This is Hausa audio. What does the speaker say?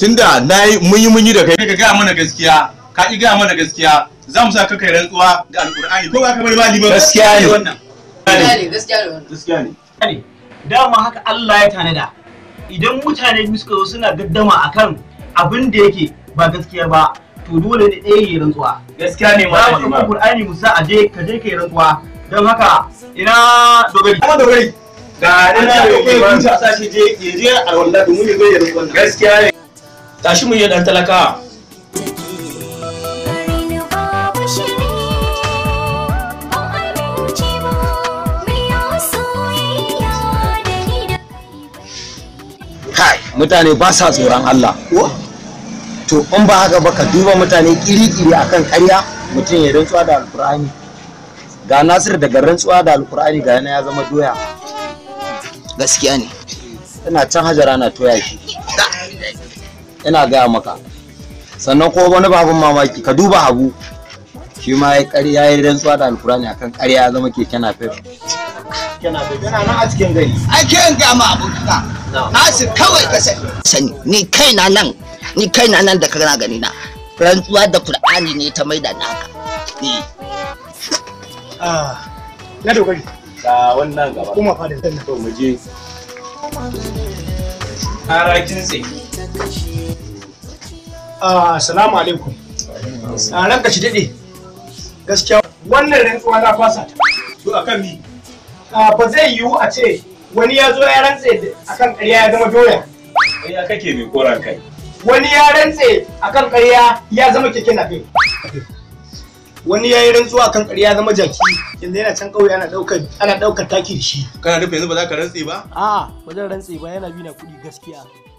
tunda na yi munyi yi da kai ka gaya mana gaskiya ka ki gaya mana gaskiya za mu sa ka kai rantsuwa ga alkur'ani ko ba ka bari ba gaskiya ne wannan gaskiya ne gaskiya ne dama haka Allah ya tanada idan mutane suka zo suna gaddama akan abin da yake ba gaskiya ba to dole ne ɗaya yi rantsuwa gaskiya ne ma ba ma alkur'ani musa a je ka je kai rantsuwa don haka ina dogari ina dogari ga ina dogari ba sa shi je je a wallahi mun yi zo rantsuwa gaskiya ne tashi mu yi dan talaka mutane ba sa tsoron Allah to in ba haka ba ka duba mutane kiri-kiri akan karya mutum ya rantsuwa da alkur'ani ga nasir daga rantsuwa da alkur'ani ga yana ya zama doya gaskiya ne tana can hajara na toya shi ina gaya maka sannan ko wani babun mamaki ka duba habu shi ma ya ƙari ya yi rantsuwa da alkurani kan ƙarya ya zama keke na fef yana nan a cikin gari ai kiran ga ma abokinka nasu kawai ka sani ni kaina nan ni kaina nan da kana gani na rantsuwa da qur'ani ne ta maida na haka eh. ah na dogari ga wannan gaba kuma fa da to mu je harakin sai Assalamu ah, alaikum. Ah, ranka shi daɗe. Gaskiya wannan rantsuwa na fasa ta. To akan mi? Ah, ba zai yiwu a ce wani ya zo ya rantse akan ƙarya ya zama doya. Ya kake mai koran kai. Wani ya rantse akan ƙarya ya zama keke nafe. Wani ya yi rantsuwa akan ƙarya ya zama jaki. Yanzu yana can ƙauye ana ɗaukar ana ɗaukar taki da shi. Kana nufin yanzu ba za ka rantse ba? A'a, ba zan rantse ba yana bi na kuɗi gaskiya.